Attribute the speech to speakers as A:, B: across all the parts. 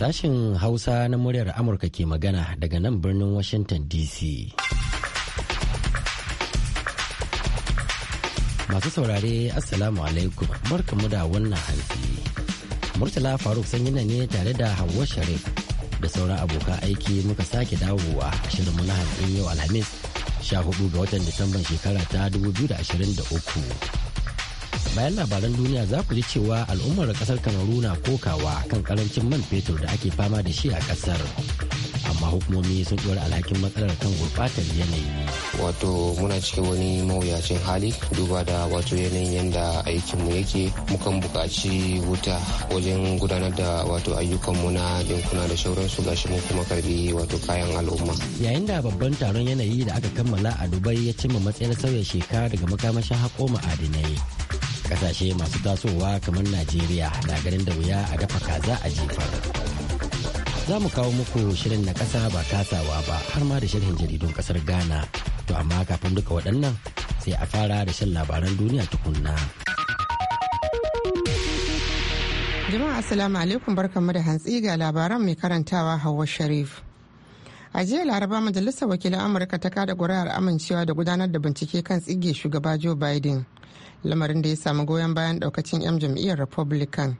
A: Sashen Hausa na muryar Amurka ke magana daga nan birnin Washington DC. Masu saurare Assalamu alaikum barkamu da wannan hantsi. Murtala Faruk sanyina ne tare da Hauwa Sharif da sauran abokan aiki muka sake dawowa a shirinmu na hantsin yau Alhamis 14 ga watan Disamban shekara ta 2023. bayan labaran duniya za ku ji cewa al'ummar kasar kamaru na kokawa kan karancin man fetur da ake fama da shi a kasar amma hukumomi sun ɗora alhakin matsalar kan
B: gurɓatar yanayi. Wato muna cikin wani mawuyacin hali duba da wato yanayin yadda aikinmu yake mukan buƙaci wuta wajen gudanar da wato ayyukanmu na yankuna da sauransu gashi mun kuma karbi wato kayan al'umma.
A: Yayin da babban taron yanayi da aka kammala a Dubai ya cimma matsayin sauya shekara daga makamashin haƙo ma'adinai. kasashe masu tasowa kamar najeriya na ganin da wuya a dafa kaza a jifar za mu kawo muku shirin na kasa ba kasawa ba har ma da shirin jaridun kasar ghana to amma kafin duka waɗannan sai a fara da shan labaran duniya tukunna
C: jama'a assalamu alaikum barkanmu da hantsi ga labaran mai karantawa hawa sharif a jiya laraba majalisar wakilan amurka ta kada kuri'ar amincewa da gudanar da bincike kan tsige shugaba joe biden lamarin da ya samu goyon bayan daukacin 'yan jam'iyyar republican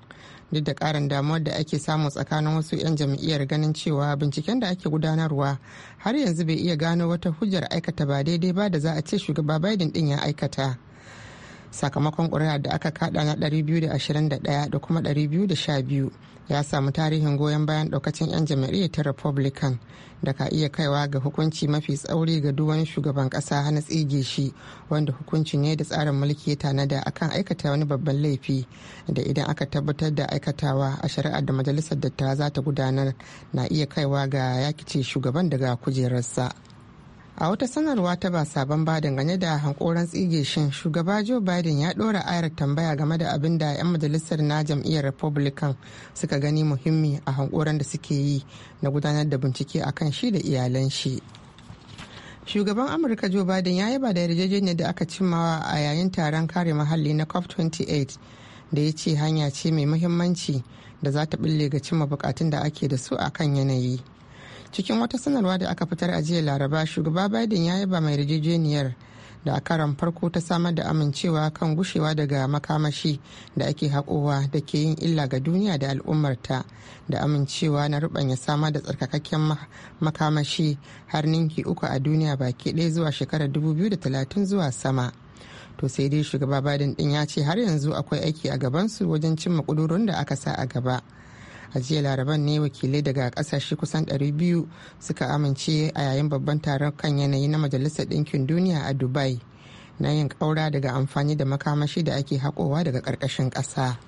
C: duk da karin damuwar da ake samu tsakanin wasu 'yan jam'iyyar ganin cewa binciken da ake gudanarwa har yanzu bai iya gano wata hujjar aikata ba daidai ba da za a ce shugaba biden din ya aikata sakamakon ƙuri'a da aka kaɗa na 221 da kuma 212 ya samu tarihin goyon bayan ɗaukacin 'yan jam'iyyar ta republican da ka iya kaiwa ga hukunci mafi tsauri ga duwani shugaban ƙasa hana tsige shi wanda hukunci ne da tsarin mulki ya tanada akan aikata wani babban laifi da idan aka tabbatar da aikatawa a shari'ar da majalisar dattawa za ta gudanar na iya kaiwa ga yakice shugaban daga kujerarsa. a wata sanarwa ta ba sabon ba dangane da hankoran tsige shin shugaba joe biden ya dora ayar tambaya game da abin da 'yan majalisar na jam'iyyar republican suka gani muhimmi a hankoran da suke yi na gudanar da bincike a kan shi da iyalan shi shugaban amurka joe biden ya yaba da yarjejeniyar da aka cimmawa a yayin taron kare muhalli na cop 28 da ya ce hanya ce mai muhimmanci da za ta bille ga cimma bukatun da ake da su a kan yanayi cikin wata sanarwa da aka fitar a jiya laraba shugaba biden ya yaba mai yarjejeniyar da a karan farko ta samar da amincewa kan gushewa daga makamashi da ake haƙowa da ke yin illa ga duniya da al'ummarta da amincewa na rubanya sama da tsarkakakken makamashi har ninki uku a duniya baki ɗaya zuwa shekarar 2030 zuwa sama to sai dai shugaba biden din ya ce har yanzu akwai aiki a gabansu wajen cimma kudurin da aka sa a gaba. a jiya laraban ne wakilai daga kasashe kusan 200 suka amince a yayin babban taron kan yanayi na majalisar ɗinkin duniya a dubai na yin ƙaura daga amfani da makamashi da ake haƙowa daga ƙarƙashin ƙasa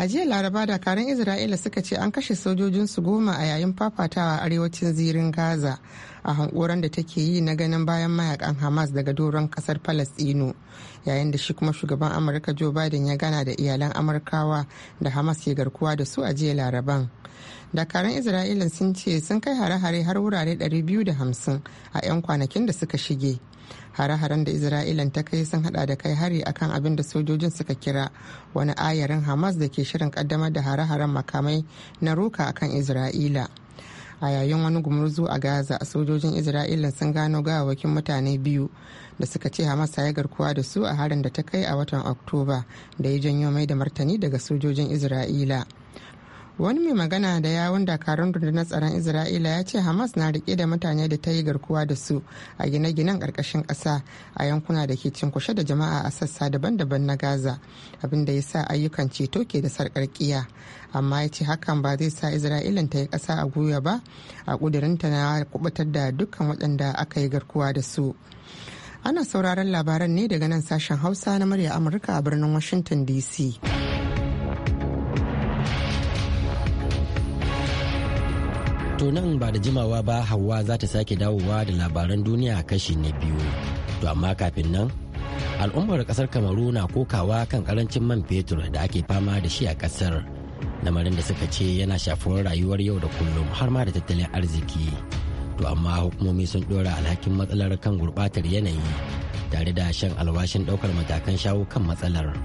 C: a jiya laraba dakarun isra'ila suka ce an kashe sojojinsu goma a yayin fafatawa a arewacin zirin gaza a hankoran da take yi na ganin bayan mayakan hamas daga doron kasar palestino yayin da shi kuma shugaban amurka joe biden ya gana da iyalan amurkawa da hamas ke garkuwa da su a jiya laraban dakarun isra'ila sun ce sun kai hare-hare har wurare 250 a 'yan kwanakin da suka shige hare-haren da isra'ila ta kai sun hada da kai hari akan abin da sojojin suka kira wani ayarin hamas da ke shirin kaddamar da hare-haren makamai na roka akan isra'ila a yayin wani gumurzu a gaza sojojin isra'ila sun gano gawawakin mutane biyu da suka ce hamas ya garkuwa da su a harin da ta kai a watan oktoba da ya janyo mai da martani daga sojojin isra'ila wani mai magana da yawun dakarun rundunar tsaron isra'ila ya ce hamas na rike da mutane da ta yi garkuwa da su a gine-ginen ƙarƙashin ƙasa a yankuna da ke cinkushe da jama'a a sassa daban-daban na gaza abin da ya sa ayyukan ceto ke da sarƙarƙiya amma ya ce hakan ba zai sa isra'ilan ta yi ƙasa a guya ba a ƙudurinta na kubutar da dukkan waɗanda aka yi garkuwa da su ana sauraron labaran ne daga nan sashen hausa na murya amurka a birnin washington dc
A: To nan ba da jimawa ba Hauwa za ta sake dawowa da labaran duniya kashi na biyu. To amma kafin nan al'ummar kasar kamaru na kokawa kan karancin man fetur da ake fama da shi a kasar lamarin da suka ce yana shafuwar rayuwar yau da kullum har ma da tattalin arziki to amma hukumomi sun dora alhakin matsalar kan gurbatar yanayi tare da shan alwashin daukar matakan shawo kan matsalar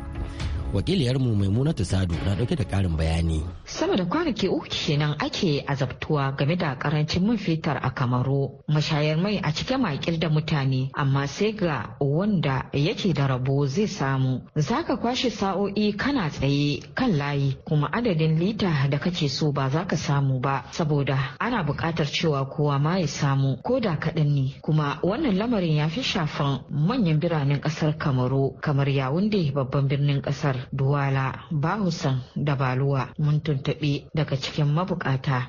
A: wakiliyarmu maimunatu sadu na dauke da karin bayani
D: Saboda da kwanaki uku kenan ake azabtuwa game da karancin man fetur a kamaru mashayar mai a cike makil da mutane amma sai ga wanda yake da rabo zai samu zaka kwashe sa'o'i kana tsaye kan layi kuma adadin lita da kake so ba za ka samu ba saboda ana buƙatar cewa kowa ma ya samu ko da kaɗan ne kuma wannan lamarin ya fi shafan manyan biranen ƙasar kamaru kamar yawunde babban birnin ƙasar Duwala, ba Bahusan da Baluwa mun tuntuɓe daga cikin mabukata.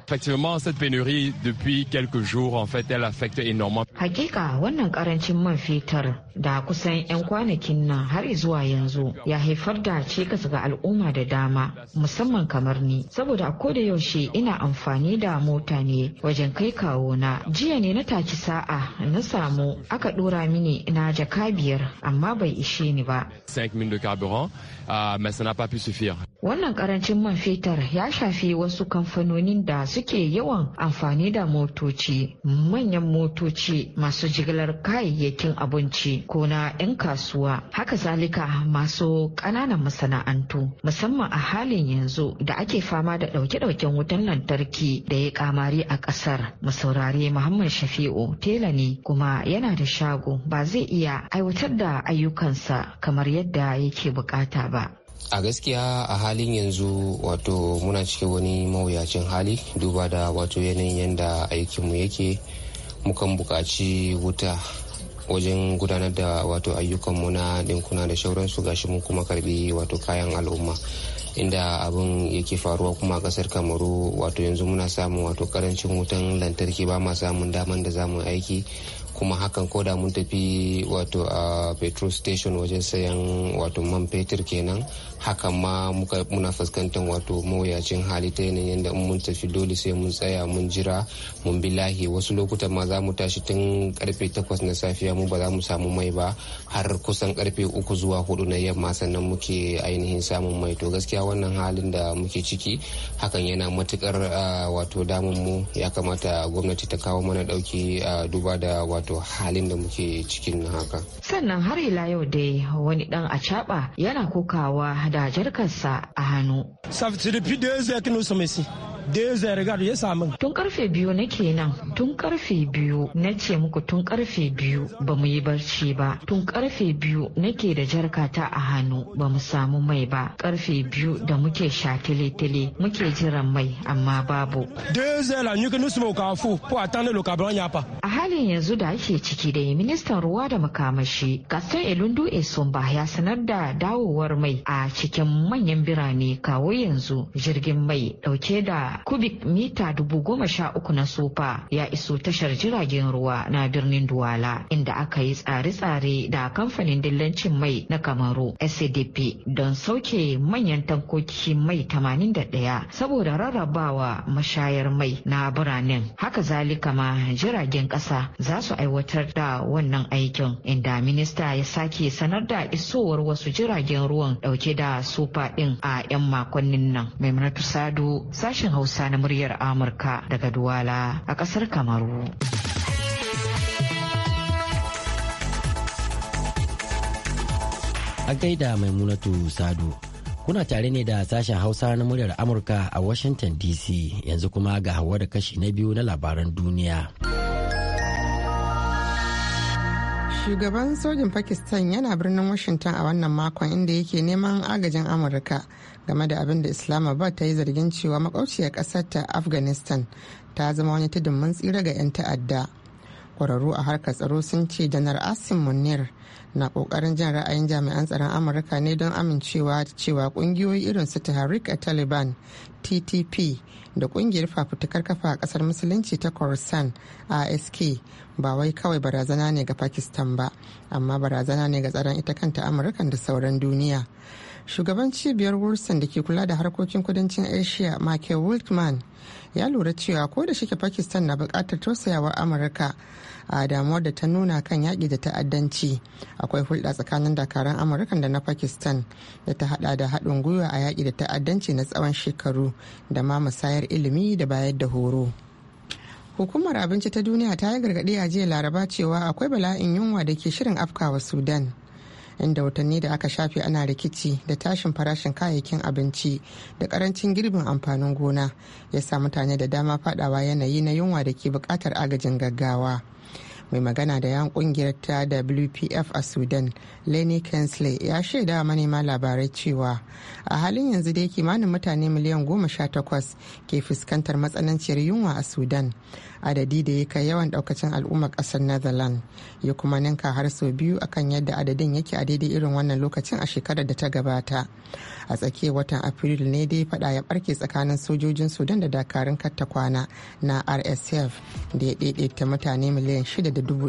D: Hakika wannan karancin man fetur da kusan 'yan kwanakin nan har zuwa yanzu ya haifar da cikas ga al'umma da dama musamman kamar ni saboda ko da yaushe ina amfani da mota ne wajen kai kawo na jiya ne na taci sa'a na samu aka dora mini na jaka biyar amma bai ishe ni ba. Ah, Wannan karancin man fetur ya shafi wasu kamfanonin da suke yawan amfani da motoci, manyan motoci masu jigilar kayayyakin abinci ko na 'yan kasuwa, haka zalika masu ƙananan masana'antu, musamman a halin yanzu da ake fama da ɗauke-ɗauken wutan lantarki da ya kamari a ƙasar. masaurare Muhammad Shafi'u tela ne kuma yana da shago ba zai iya aiwatar da ayyukansa kamar yadda yake bukata ba.
B: a gaskiya a halin yanzu wato muna cikin wani mawuyacin hali duba da wato yanayin yadda aikinmu yake mukan bukaci wuta wajen gudanar da wato ayyukanmu na ɗinkuna da shauransu gashi mun kuma karbi wato kayan al'umma inda abin yake faruwa kuma a ƙasar kamaru wato yanzu muna samun wato karancin wutan lantarki ba ma samun daman da zamu aiki kuma hakan ko da mun tafi wato a petrol station wajen sayan wato man fetur kenan hakan ma muna fuskantar wato mawuyacin hali ta yanayin da mun tafi dole sai mun tsaya mun jira mun bi lahi wasu lokutan ma za mu tashi tun karfe takwas na safiya mu ba za mu samu mai ba har kusan karfe uku zuwa hudu na yamma sannan muke ainihin samun mai to gaskiya wannan halin da muke ciki hakan yana matukar wato damun mu ya kamata gwamnati ta kawo mana dauki duba da wato halin da muke cikin haka
D: sannan har ila yau dai wani dan caba yana kokawa
E: C'est Depuis deux heures que nous sommes ici.
D: Deze Regard ya samu. Tun karfe biyu na kenan, tun karfe biyu na ce muku tun karfe biyu ba mu yi barci ba. Tun karfe biyu nake da jarkata a hannu ba mu samu mai ba. Karfe biyu da muke sha tele-tele muke jiran mai amma babu.
F: Deze la nusu kafu ko a yapa.
D: A halin yanzu da ake ciki da ministan ruwa da makamashi Gaston Elundu Esumba ya sanar da dawowar mai a cikin manyan birane kawo yanzu jirgin mai dauke da kubik mita dubu goma sha uku na sofa ya iso tashar jiragen ruwa na birnin Duwala inda aka yi tsare-tsare da kamfanin dillancin mai na Kamaru SDP don sauke manyan tankoki mai 81 saboda rarrabawa mashayar mai na biranen. Haka zalika ma jiragen ƙasa za su aiwatar da wannan aikin inda minista ya sake sanar da isowar wasu jiragen ruwan ɗauke da sofa ɗin a 'yan makonnin nan. Maimunatu Sadu sashen Hausa Hausa na muryar Amurka daga Duwala a ƙasar Kamaru. A gaida Maimunatu
A: Sado, kuna tare ne da sashen Hausa na muryar Amurka a Washington DC
C: yanzu kuma ga hawa da kashi na biyu na labaran duniya. Shugaban sojin Pakistan yana birnin Washington a wannan makon inda yake neman agajin Amurka. game da abin da islamabad ta yi zargin cewa makwabciyar ƙasar ta afghanistan ta zama wani ta mun tsira ga 'yan ta'adda kwararru a harkar tsaro sun ce janar asim munir na kokarin jan ra'ayin jami'an tsaron amurka ne don amincewa cewa kungiyoyi irin su taharika taliban ttp da kungiyar fafutukar kafa a kasar musulunci ta khorasan ask ba wai kawai barazana ne ga pakistan ba amma barazana ne ga tsaron ita kanta amurkan da sauran duniya shugaban cibiyar wilson da ke kula da harkokin kudancin asia michael wilkman ya lura cewa ko da shike pakistan na bukatar tausayawar amurka a damuwar da ta nuna kan yaƙi da ta'addanci akwai hulɗa tsakanin dakaran amurka da na pakistan da ta hada da haɗin gwiwa a yaƙi da ta'addanci na tsawon shekaru da ma musayar ilimi da bayar da horo hukumar abinci ta duniya ta yi gargaɗi a jiya laraba cewa akwai bala'in yunwa da ke shirin afkawa sudan inda watanni da aka shafe ana rikici da tashin farashin kayayyakin abinci da karancin girbin amfanin gona ya sa mutane da dama fadawa yanayi na yunwa da ke buƙatar agajin gaggawa. mai magana da yan kungiyar ta wpf a sudan lenny kensley ya shaida manema labarai cewa a halin yanzu dai kimanin mutane miliyan goma sha takwas ke fuskantar matsananciyar yunwa a sudan adadi da ya kai yawan daukacin al'ummar kasar netherlands ya kuma ninka har sau biyu akan yadda adadin yake a daidai irin wannan lokacin a shekarar da ta gabata a tsakiyar watan April ne dai fada ya barke tsakanin sojojin sudan da dakarun katta kwana na rsf da ya daidaita mutane miliyan shida da dubu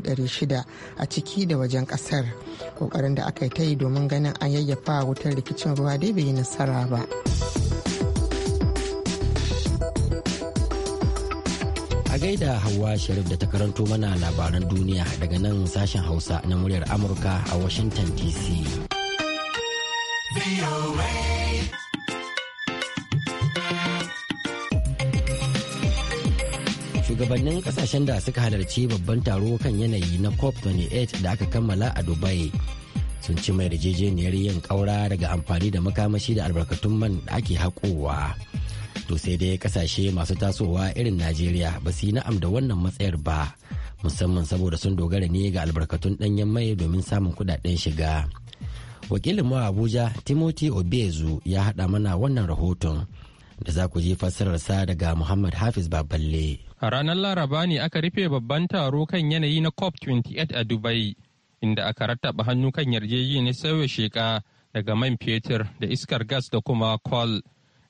C: a ciki da wajen kasar ƙoƙarin da aka yi ta yi domin ganin an yayyafa wutar rikicin ruwa dai bai yi nasara ba.
A: a gaida hawa Sharif da ta karanto mana labaran duniya daga nan sashen Hausa na muryar Amurka a Washington DC. shugabannin kasashen da suka halarci babban taro kan yanayi na cop 28 da aka kammala a dubai sun ci mai yarjejeniyar yin kaura daga amfani da makamashi da albarkatun man da ake haƙowa to sai dai kasashe masu tasowa irin najeriya ba su yi na'am da wannan matsayar ba musamman saboda sun dogara ne ga albarkatun ɗanyen mai domin samun kuɗaɗen shiga wakilin mu abuja timothy obezu ya haɗa mana wannan rahoton da za ku ji fassararsa daga Muhammad Hafiz Baballe.
E: A ranar Laraba ne aka rufe babban taro kan yanayi na COP28 a Dubai, inda aka rattaba hannu kan yarjejeniyar sauya sheka daga man fetur da iskar gas da kuma coal.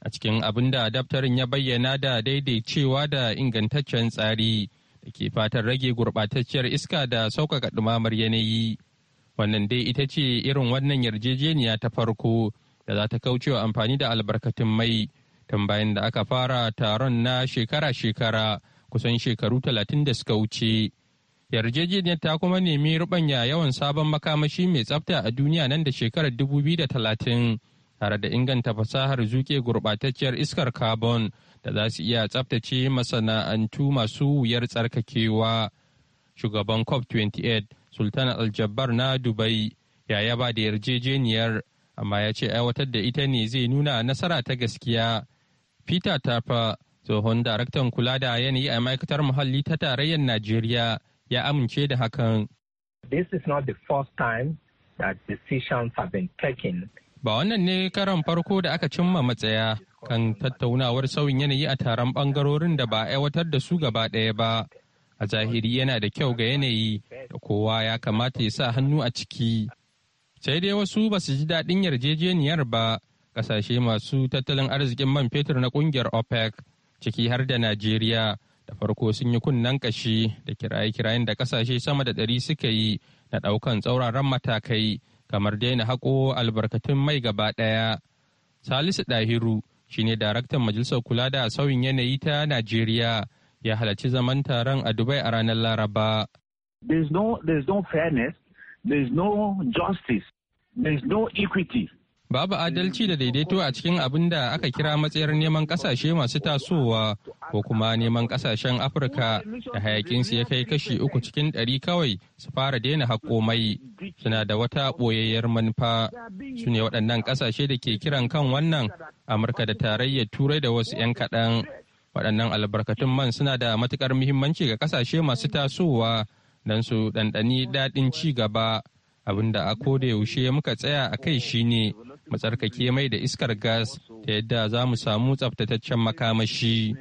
E: A cikin abin da daftarin ya bayyana da daidaicewa da ingantaccen tsari da ke fatan rage gurbatacciyar iska da sauƙaƙa ɗumamar yanayi. Wannan dai ita ce irin wannan yarjejeniya ta farko da za ta kaucewa amfani da albarkatun mai. tun bayan da aka fara taron na shekara-shekara kusan shekaru talatin da suka wuce. Yarjejeniyar ta kuma nemi rubanya yawan sabon makamashi mai tsafta a duniya nan da shekarar talatin tare da inganta fasahar zuke gurɓatacciyar iskar carbon da za su iya tsaftace masana'antu masu wuyar tsarkakewa. Shugaban COP28 Sultan Aljabbar na Dubai ya yaba da yarjejeniyar amma ya ce aiwatar da ita ne zai nuna nasara ta gaskiya Peter Tafa, tsohon daraktan kula da yanayi a ma'aikatar muhalli ta tarayyar Najeriya ya amince da hakan. This is not the first time that decisions have been taken. Ba wannan ne karan farko da aka cimma matsaya kan tattaunawar sauyin yanayi a taron bangarorin da ba aiwatar da su gaba ɗaya ba. A zahiri yana da kyau ga yanayi da kowa ya kamata ya sa hannu a ciki. Sai dai wasu ba su ji daɗin yarjejeniyar ba kasashe masu tattalin arzikin man fetur na kungiyar opec ciki har da najeriya da farko sun yi kunnen kashi da kiraye-kirayen da kasashe sama da ɗari suka yi na ɗaukan tsauraran matakai kamar daina haƙo albarkatun mai gaba ɗaya salisu ɗahiru shine daraktan majalisar kula da sauyin yanayi ta najeriya ya halarci zaman taron a dubai a ranar laraba There's no,
G: there's no fairness, there's no justice, there's no equity
E: babu adalci da daidaito a cikin abin da aka kira matsayar neman kasashe masu tasowa ko kuma neman kasashen afirka da hayakinsu ya kai kashi uku cikin ɗari kawai su fara daina mai suna da wata ɓoyayyar manufa su ne waɗannan kasashe da ke kiran kan wannan amurka da tarayyar turai da wasu 'yan kaɗan waɗannan albarkatun man suna da matuƙar muhimmanci ga kasashe masu tasowa don su ɗanɗani daɗin ci gaba abin da a koda yaushe muka tsaya a kai shi ne. mu tsarkake mai da iskar gas ta yadda za mu samu tsaftataccen makamashi.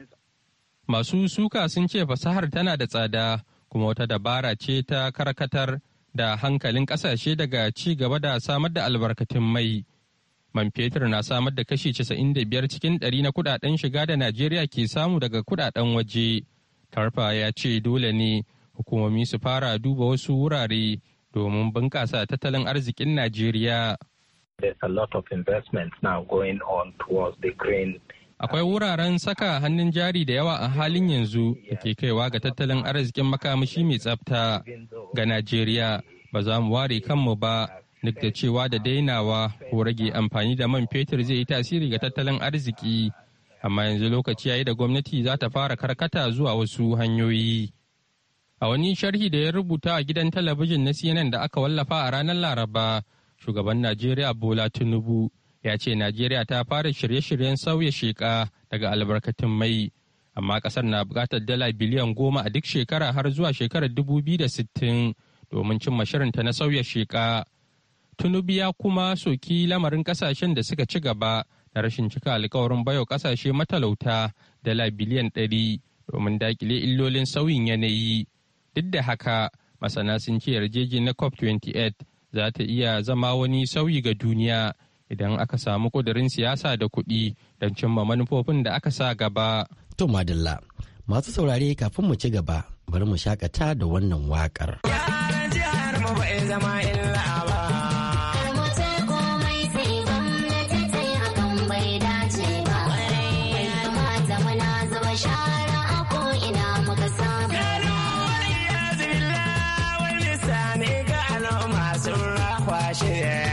E: Masu suka sun ce fasahar tana da tsada kuma wata dabara ce ta karkatar da hankalin kasashe daga ci gaba da samar da albarkatun mai. Man fetur na samar da kashi 95 cikin ɗari na kuɗaɗen shiga da Najeriya ke samu daga kuɗaɗen waje. Tarfa ya ce dole ne hukumomi su fara duba wasu wurare domin bunƙasa tattalin arzikin Najeriya. There's a lot of
H: investment now going on towards the green
E: Akwai wuraren saka hannun jari da yawa a halin yanzu da ke kaiwa ga tattalin arzikin makamashi mai tsafta ga Najeriya ba za mu ware kanmu ba duk da cewa da dainawa ko rage amfani da man fetur zai yi tasiri ga tattalin arziki amma yanzu lokaci yayi da gwamnati za ta fara karkata zuwa wasu hanyoyi. A wani sharhi da ya rubuta a gidan talabijin na CNN da aka wallafa a ranar Laraba, shugaban najeriya bola tinubu ya ce najeriya ta fara shirye-shiryen sauya sheka daga albarkatun mai amma kasar na bukatar dala biliyan goma a duk shekara har zuwa shekarar sittin domin cimma shirinta na sauya sheka tinubu ya kuma soki lamarin kasashen da suka ci gaba da rashin cika alkawarin bayo kasashe matalauta dala biliyan ɗari domin dakile illolin sauyin yanayi duk da haka masana sun ce yarjeji na cop 28 za ta iya zama wani sauyi ga duniya idan aka samu kudurin siyasa da kuɗi don cimma manufofin da aka sa gaba. To madalla
A: masu saurare kafin mu ci gaba bari mu shakata da wannan waƙar.
C: zama
B: shit.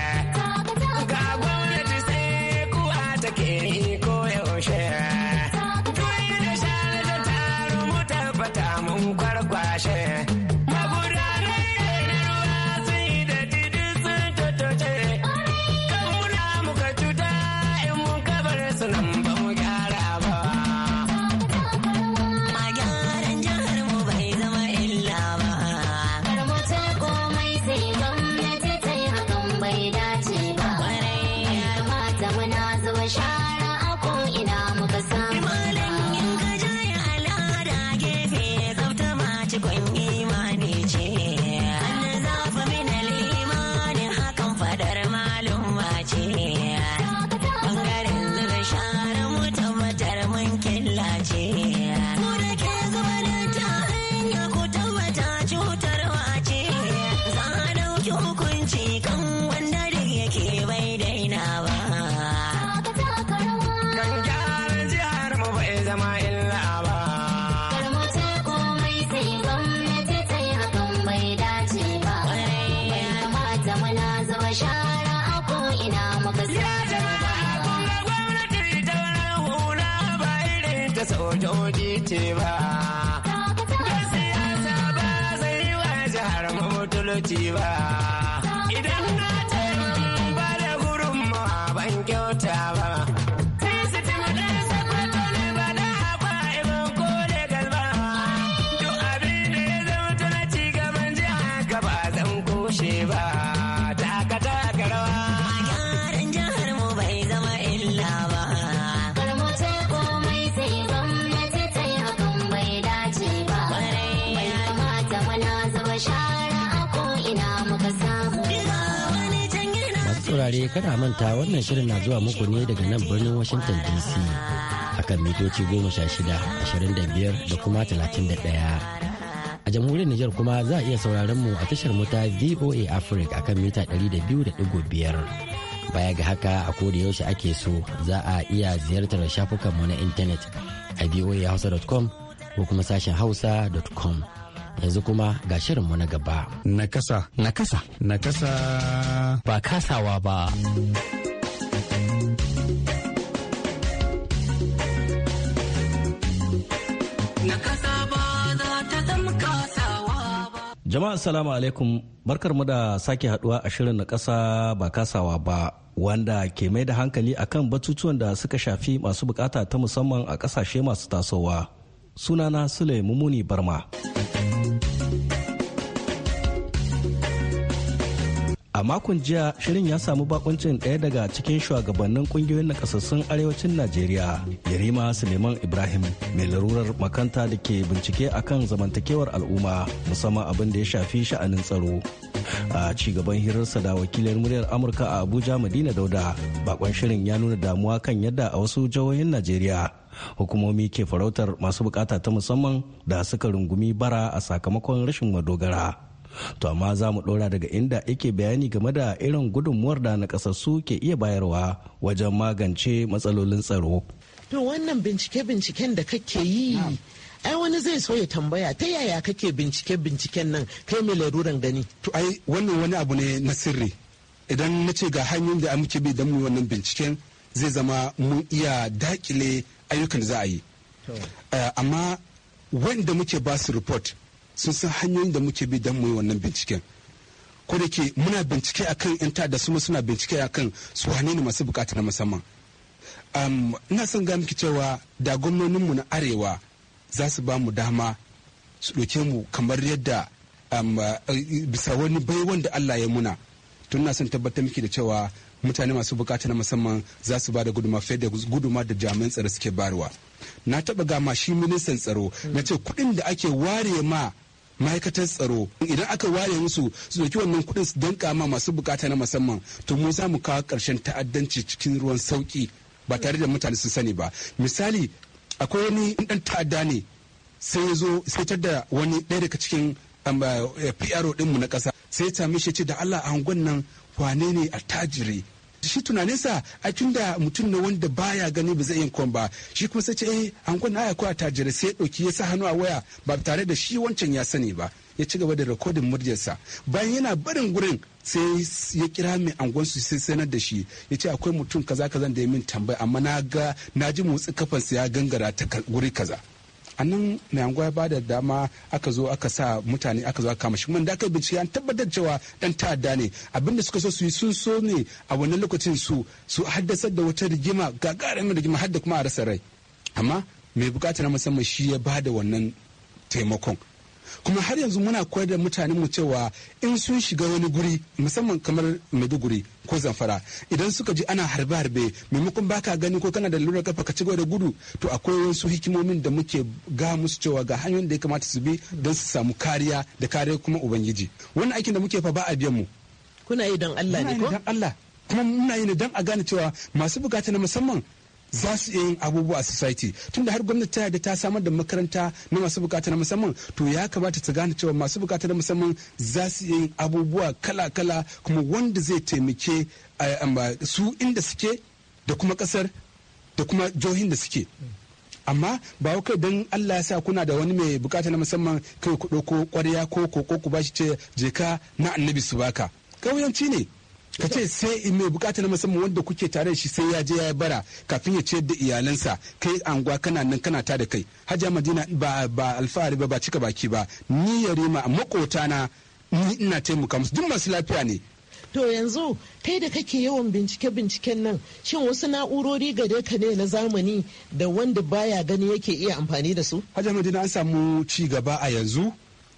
B: talauci ba
A: dai eh, kada manta wannan shirin na zuwa muku ne daga nan birnin Washington DC akan mitoci goma sha shida ashirin da da kuma talatin da ɗaya. A jamhuriyar Nijar kuma za a iya sauraron mu a tashar mota VOA Africa akan mita ɗari da biyu da biyar. Baya ga haka a koda yaushe ake so za a iya ziyartar shafukanmu na intanet a voahausa.com ko kuma sashen hausa.com. yanzu kuma ga shirinmu na gaba.
B: Nakasa. Nakasa. Nakasa. Ba kasawa ba.
G: Jama'a salamu alaikum barkar mu da sake haduwa a shirin na kasa ba kasawa ba wanda ke mai da hankali akan batutuwan da suka shafi masu bukata ta musamman a kasashe masu tasowa. sunana sule mumuni barma a makon jiya shirin ya samu bakuncin ɗaya daga cikin shugabannin kungiyoyin nakasassun arewacin najeriya yarima suleiman ibrahim mai larurar makanta da ke bincike akan zamantakewar al'umma musamman abin da ya shafi sha'anin tsaro a cigaban gaban hirarsa da wakilin muryar amurka a abuja madina dauda bakon shirin ya nuna damuwa kan yadda a wasu jihohin najeriya hukumomi ke farautar masu bukata ta musamman da suka rungumi bara a sakamakon rashin madogara to amma za mu ɗora daga inda yake bayani game da irin gudunmuwar da kasassu ke iya bayarwa wajen magance matsalolin tsaro
C: to wannan bincike-binciken da kake yi ai wani zai so ya tambaya ta yaya kake bincike-binciken nan kai mai laruran gani
F: to ai wannan wani abu ne na sirri idan na ce ga hanyoyin da muke bi don mu wannan binciken zai zama mun iya dakile ayyukan da za a yi eh, amma wanda muke ba su report sun san hanyoyin da muke bi don mu yi wannan binciken ko da ke muna bincike akan yan da su suna bincike akan su wane ne masu bukata na musamman ina son ga miki cewa da gwamnoninmu na arewa za su ba mu dama su ɗauke mu kamar yadda eh, bisa wani bai wanda Allah ya muna tun na son tabbatar miki da cewa mutane masu bukata na musamman za su ba da guduma fiye da guduma da jami'an tsaro suke barwa na taba gama shi ministan tsaro na ce kuɗin da ake ware ma ma'aikatar tsaro idan aka ware musu su dauki wannan kuɗin su danka ma masu bukata na musamman to mu za mu kawo ƙarshen ta'addanci cikin ruwan sauki ba tare da mutane sun sani ba misali akwai wani dan ta'adda ne sai ya zo sai da wani ɗaya daga cikin um, eh, PRO ɗinmu na ƙasa sai ya sami shi ce da Allah a hangon nan wane ne a tajiri. shi sa a da mutum ne wanda baya gani ba zai yin kwan ba shi kuma sai ce eh an kwan a ko tajira sai ya dauki ya sa hannu a waya ba tare da shi wancan ya sani ba ya ci gaba da rikodin muryarsa bayan yana barin gurin sai ya kira mai angonsu sai sanar da shi ya ce akwai mutum kaza kaza da ya min tambaya amma na ga na ji motsi kafansa ya gangara ta guri kaza a nan mai anguwa ya ba da dama aka zo aka sa mutane aka zo aka kama shi da aka bincike an tabbatar cewa dan ta'adda ne abinda suka so su yi sun so ne a wannan lokacin su su haddasar da wata rigima ga gagarumin rigima hadda kuma a rasa rai amma mai bukata na musamman shi ya ba da wannan taimakon kuma har yanzu muna koyar da mutanen mu cewa in sun shiga wani guri musamman kamar maiduguri ko zamfara idan suka ji ana harbe harbe maimakon baka gani ko kana da lura kafa ka cigaba da gudu to akwai wasu hikimomin da muke ga musu cewa ga hanyoyin da ya kamata su bi don su samu kariya da kariya kuma ubangiji wannan aikin da muke fa ba a biyan mu kuna yi don Allah ne ko kuma muna yi ne don a gane cewa masu bukata na musamman za su yi abubuwa a society tunda har gwamnati ta da ta samar da makaranta na masu bukata na musamman to ya kamata ta gane cewa masu bukata na musamman za su yi abubuwa kala-kala kuma wanda zai taimake su inda suke da kuma kasar da kuma jihohin da suke amma ba kai don Allah ya sa kuna da wani mai bukata na musamman kai ku ɗauko ƙwarya ko ko ku bashi ce je ka na annabi su baka kauyanci ne ka ce sai mai bukata na musamman wanda kuke tare da shi sai ya je ya bara kafin ya ce da iyalansa kai anguwa kana nan kana ta da kai hajja madina ba ba alfahari ba ba cika baki ba ni ya rima makota na ni ina taimaka musu duk masu lafiya ne
C: to yanzu kai da kake yawan bincike binciken nan shin wasu na'urori gare ka ne na zamani da wanda baya gani yake iya amfani da su
F: hajja madina an samu ci gaba a yanzu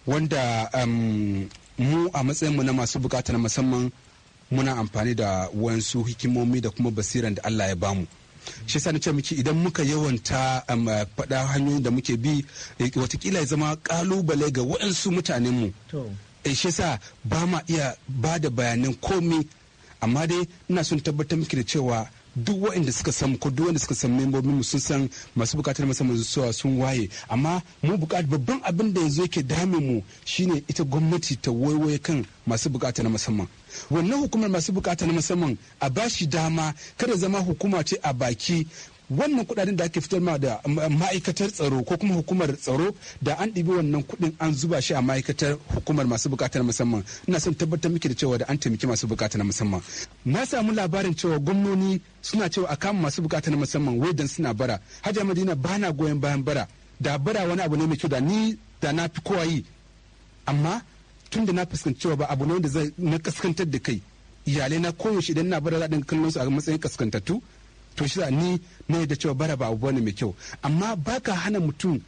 F: wanda um, mu a matsayin mu na masu bukata na musamman muna amfani da wansu hikimomi da kuma basiran da Allah ya bamu shi sa ce miki idan muka yawanta um, faɗa hanyoyin da muke bi eh, watakila ya zama ƙalubale ga waɗansu mutanenmu eh, shi sa ba ma iya ba da bayanan komi amma dai ina son tabbatar miki da cewa duk waɗanda suka san ko duk wanda suka san membobinmu sun san masu bukatar musamman zuwa sun waye amma mu bukatar babban abin da yanzu yake dame mu shine ita gwamnati ta waiwaye kan masu bukata na musamman wannan hukumar masu bukata na musamman a bashi dama kada zama hukuma ce a baki wannan kudaden da ake fitar ma da ma'aikatar tsaro ko kuma hukumar tsaro da an ɗibi wannan kudin an zuba shi a ma'aikatar hukumar masu bukata na musamman ina son tabbatar miki da cewa da an taimaki masu bukata na musamman na samu labarin cewa gwamnoni suna cewa a kama masu bukata na musamman wai dan suna bara hajja madina ba na goyon bayan bara da bara wani abu ne mai kyau da ni da na fi kowa yi amma tun da na fuskanci cewa ba abu ne wanda zai na kaskantar da kai iyalai na koyaushe idan na bara zaɗin kallon su a matsayin kaskantattu to shi ni ne da cewa bara ba abu bane mai kyau amma baka hana mutum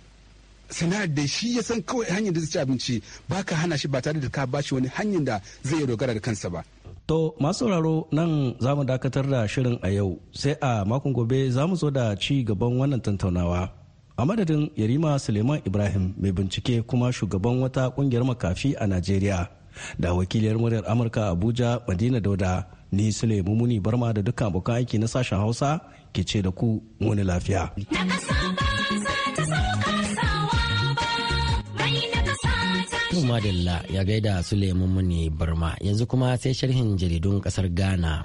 F: sana'ar da shi ya san kawai hanyar da zai ci abinci baka hana shi ba tare da ka bashi wani hanyar da zai dogara da kansa ba
G: To masu sauraro nan za mu dakatar da shirin a yau sai a makon gobe za mu zo da ci gaban wannan tantaunawa. A madadin Yarima Suleiman Ibrahim mai bincike kuma shugaban wata kungiyar makafi a Najeriya da wakiliyar muryar Amurka Abuja Madina Dauda ni sule mumuni barma da dukkan abokan aiki na sashen
A: hausa ke ce da ku muni lafiya madalla ya gaida Suleiman muni barma yanzu kuma sai sharhin jaridun kasar ghana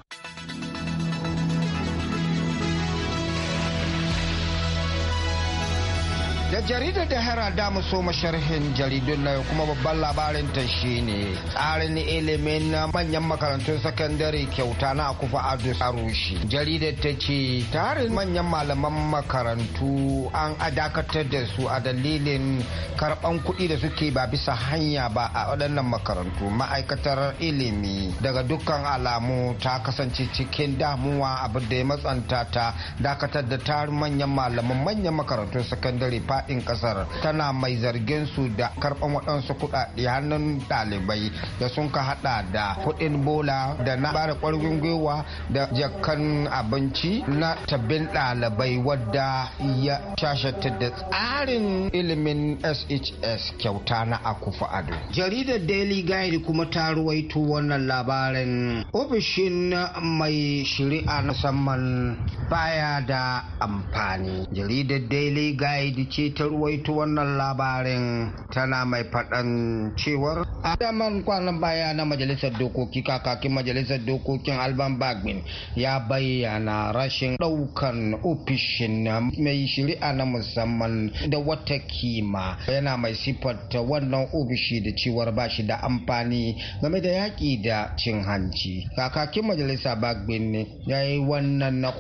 H: jaridar da hara da so masharhin jaridun na kuma babban labarin ta ne tsarin ilimin na manyan makarantun sakandare kyauta na akufa ado arushi jaridar ta ce tarin manyan malaman makarantu an adakatar da su a dalilin karban kuɗi da suke ba bisa hanya ba a waɗannan makarantu ma'aikatar ilimi daga dukkan alamu ta kasance cikin damuwa abu da ya matsanta ta dakatar da tarin manyan malaman manyan makarantun sakandare faɗi gwamnatin kasar tana mai zargin su da karɓan waɗansu kuɗaɗe hannun ɗalibai da sun ka hada da kuɗin bola da na bada ƙwarin gwiwa da jakan abinci na tabbin ɗalibai wadda ya shashata da tsarin ilimin shs kyauta na akufa ado jaridar daily guide kuma ta ruwaito wannan labarin ofishin mai shari'a na musamman baya da amfani jaridar daily guide ce ta ruwaito wannan labarin tana mai faɗan cewar adaman kwanan baya na majalisar dokoki kakakin majalisar dokokin alban bagbin ya bayyana rashin ɗaukan ofishin mai shari'a na musamman da wata kima yana mai siffanta wannan ofishi da cewar ba shi da amfani game da yaƙi da cin hanci kakakin majalisa bagbin ya yi wannan na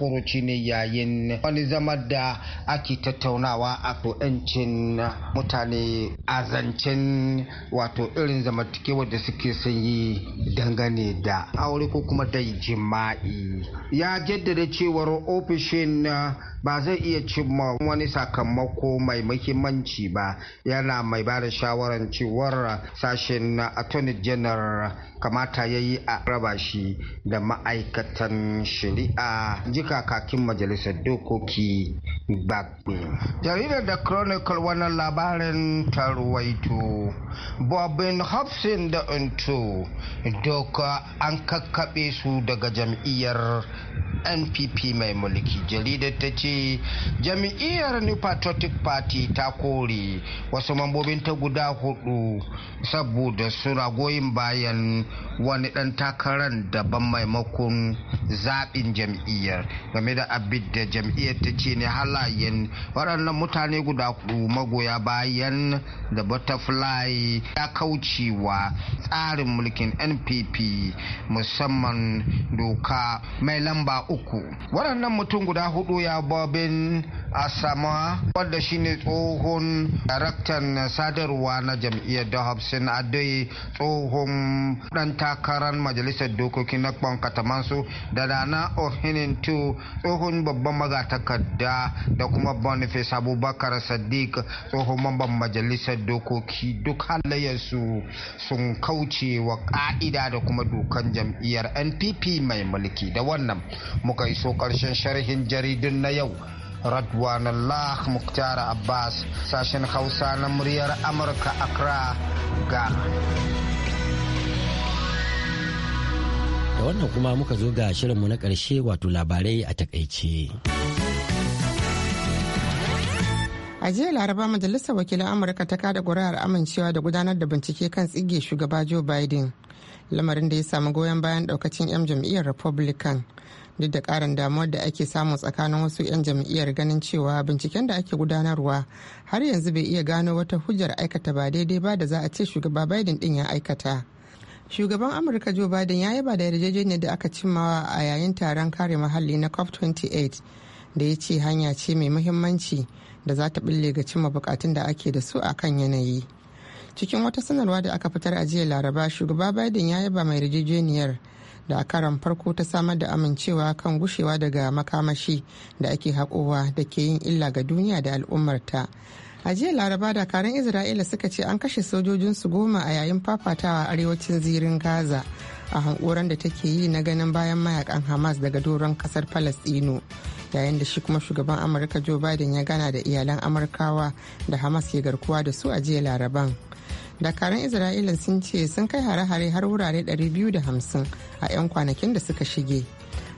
H: ne yayin wani zama da ake tattaunawa a 'yancin mutane a zancen wato irin zamantakewar da suke son yi dangane da aure ko kuma da jima'i ya jaddada cewar ofishin ba zai iya cimma wani sakamako mai muhimmanci ba yana mai ba da shawarar cewar sashen na attorney general kamata ya yi a raba shi da ma'aikatan shari'a jika kakin majalisar dokoki bagbe jaridar da chronicle wannan labarin tarwaito bobin hobson da unto doka an kakkaɓe su daga jam'iyyar npp mai mulki Jarida ta ce Jami'iyar new patriotic party ta kore wasu mambobin ta guda hudu saboda suna goyin bayan wani dan takarar ban maimakon zaɓin jami'iyar game da abin da jami'iyar ta ce ne halayen waɗannan mutane guda hudu magoya bayan da butterfly ya kaucewa tsarin mulkin npp musamman doka mai lamba uku waɗannan mutum guda hudu ya ba Robin asama wadda shine tsohon daraktan sadarwa na jam'iyyar da hobson adai tsohon dan takarar majalisar dokoki na kwan katamansu da dana ohinin tu tsohon babban magatakarda da kuma boniface abubakar sadiq tsohon mamban majalisar dokoki duk halayensu sun kauce wa ka'ida da kuma dokan jam'iyyar npp mai mulki da wannan muka iso karshen sharhin jaridun na yau Radwanallah Muktar Abbas sashen Hausa na muryar Amurka Accra ga.
A: Da wannan kuma muka zo ga shirinmu na ƙarshe wato labarai a takaice.
C: a jiya laraba majalisar wakilan amurka ta kada kuri'ar amincewa da gudanar da bincike kan tsige shugaba joe biden lamarin da ya samu goyon bayan ɗaukacin 'yan jam'iyyar republican duk da karin damuwar da ake samu tsakanin wasu 'yan jam'iyyar ganin cewa binciken da ake gudanarwa har yanzu bai iya gano wata hujjar aikata ba daidai ba da za a ce shugaba biden din ya aikata shugaban amurka joe biden ya yaba da yarjejeniyar da aka cimmawa a yayin taron kare muhalli na cop 28 da ya ce hanya ce mai muhimmanci da za ta bille ga cimma bukatun da ake da su a kan yanayi cikin wata sanarwa da aka fitar a jiya laraba shugaba biden ya yaba mai yarjejeniyar da a karan farko ta samar da amincewa kan gushewa daga makamashi da ake haƙowa da ke yin illa ga duniya da al'ummarta a jiya laraba dakaran isra'ila suka ce an kashe sojojinsu goma a yayin fafatawa arewacin zirin gaza a hankoran da take yi na ganin bayan mayakan hamas daga doron kasar palestino yayin da shi kuma shugaban amurka joe biden ya gana da iyalan amurkawa da hamas ke garkuwa da su a jiya laraban dakaran isra'ila sun ce sun kai hare-hare har wurare 250 a 'yan kwanakin da suka shige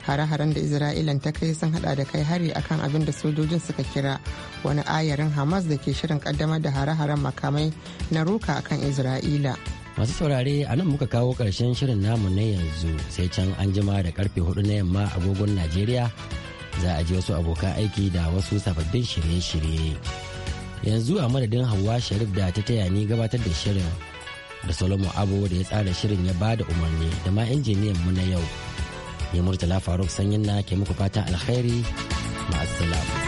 C: hare-haren da isra'ila ta kai sun hada da kai hari akan abin da sojojin suka kira wani ayarin hamas da ke shirin kaddamar da hare-haren makamai na ruka akan isra'ila
A: masu saurare a nan muka kawo karshen shirin namu na yanzu sai can an jima da karfe hudu na yamma agogon najeriya za a ji wasu abokan aiki da wasu sababbin shirye-shirye yanzu a madadin hawa sharif da ta taya ni gabatar da shirin da solomon abu da ya tsara shirin ya ba da umarni da ma injiniyan mu na yau ne murtala faruk sanyin na ke muku fatan alkhairi ma'asalamu